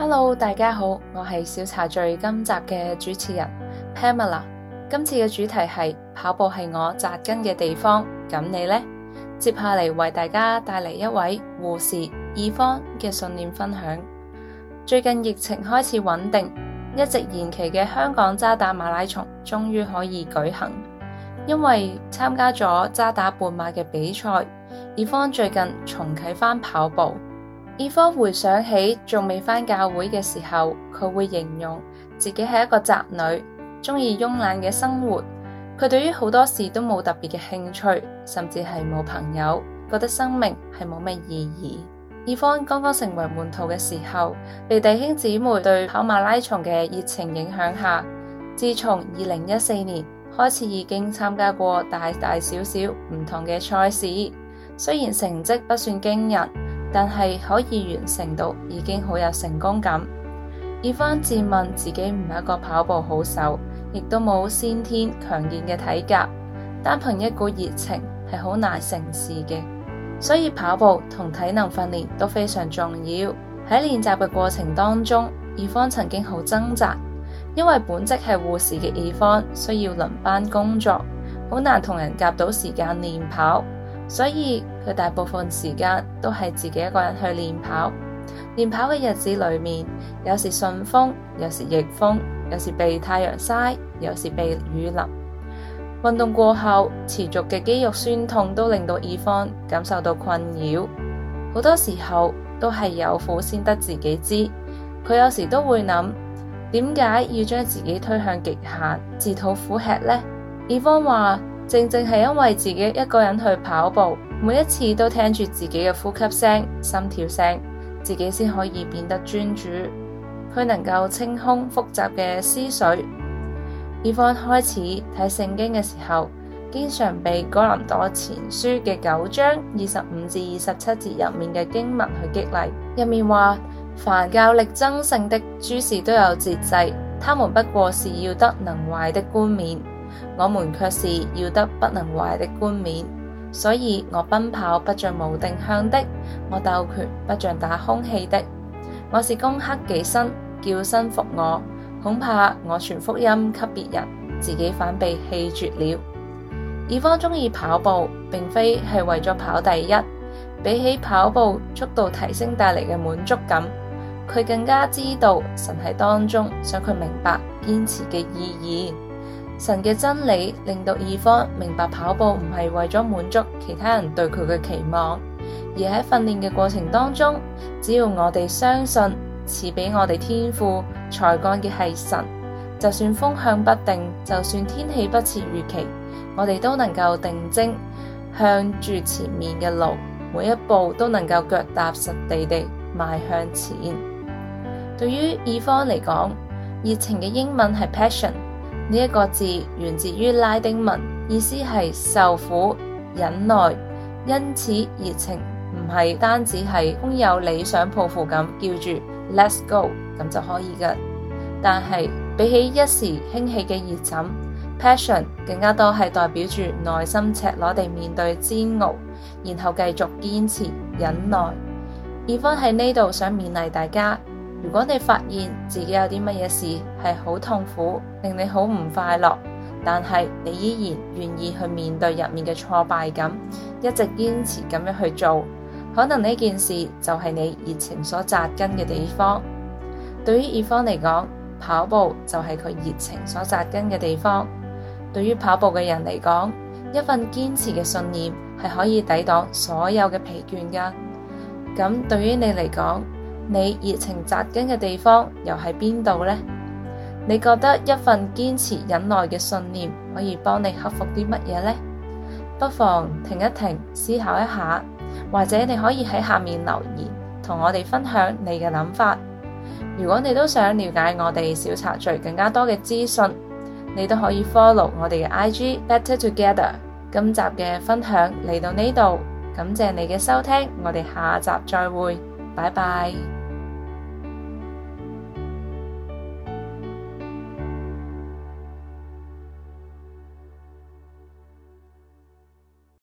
Hello，大家好，我係小茶聚今集嘅主持人 Pamela。今次嘅主題係跑步係我紮根嘅地方，咁你呢？接下嚟為大家帶嚟一位護士 E 方嘅信念分享。最近疫情開始穩定，一直延期嘅香港渣打馬拉松終於可以舉行。因為參加咗渣打半馬嘅比賽，E 方最近重啟返跑步。Yvonne 回想起仲未返教會嘅時候，佢會形容自己係一個宅女，中意慵懶嘅生活。佢對於好多事都冇特別嘅興趣，甚至係冇朋友，覺得生命係冇咩意義。Yvonne 剛剛成為門徒嘅時候，被弟兄姊妹對跑馬拉松嘅熱情影響下，自從二零一四年開始，已經參加過大大小小唔同嘅賽事，雖然成績不算驚人。但係可以完成到，已經好有成功感。Yvonne 自問自己唔係一個跑步好手，亦都冇先天強健嘅體格，單憑一股熱情係好難成事嘅。所以跑步同體能訓練都非常重要。喺練習嘅過程當中，Yvonne 曾經好掙扎，因為本職係護士嘅 Yvonne 需要輪班工作，好難同人夾到時間練跑。所以佢大部分時間都係自己一個人去練跑。練跑嘅日子裏面，有時順風，有時逆風，有時被太陽曬，有時被雨淋。運動過後，持續嘅肌肉酸痛都令到 Yvonne 感受到困擾。好多時候都係有苦先得自己知。佢有時都會諗，點解要將自己推向極限，自討苦吃呢？Yvonne 話。正正係因為自己一個人去跑步，每一次都聽住自己嘅呼吸聲、心跳聲，自己先可以變得專注。佢能夠清空複雜嘅思緒。以方開始睇聖經嘅時候，經常被《哥林多前書》嘅九章二十五至二十七節入面嘅經文去激勵。入面話：凡較力爭勝的諸事都有節制，他們不過是要得能壞的冠冕。我們卻是要得不能壞的冠冕，所以我奔跑不像無定向的，我鬥拳不像打空氣的，我是攻克己身，叫身服我，恐怕我傳福音給別人，自己反被棄絕了。Yvonne 中意跑步，並非係為咗跑第一，比起跑步速度提升帶嚟嘅滿足感，佢更加知道神喺當中，想佢明白堅持嘅意義。神嘅真理令到 Yvonne 明白跑步唔係為咗滿足其他人對佢嘅期望，而喺訓練嘅過程當中，只要我哋相信賜畀我哋天賦才幹嘅係神，就算風向不定，就算天氣不似預期，我哋都能夠定睛向住前面嘅路，每一步都能夠腳踏實地地邁向前。對於 Yvonne 嚟講，熱情嘅英文係 passion。呢一個字源自於拉丁文，意思係受苦、忍耐，因此熱情唔係單止係空有理想抱負咁叫住 Let's go 咁就可以嘅。但係比起一時興起嘅熱忱 Passion 更加多係代表住內心赤裸地面對煎熬，然後繼續堅持忍耐。Yvonne 喺呢度想勉勵大家。如果你發現自己有啲乜嘢事係好痛苦，令你好唔快樂，但係你依然願意去面對入面嘅挫敗感，一直堅持咁樣去做，可能呢件事就係你熱情所紮根嘅地方。對於 Yvonne 嚟講，跑步就係佢熱情所紮根嘅地方。對於跑步嘅人嚟講，一份堅持嘅信念係可以抵擋所有嘅疲倦噶。咁對於你嚟講，你熱情紮根嘅地方又喺邊度呢？你覺得一份堅持忍耐嘅信念可以幫你克服啲乜嘢呢？不妨停一停，思考一下，或者你可以喺下面留言，同我哋分享你嘅諗法。如果你都想了解我哋小插敘更加多嘅資訊，你都可以 follow 我哋嘅 IG Better Together。今集嘅分享嚟到呢度，感謝你嘅收聽，我哋下集再會，拜拜。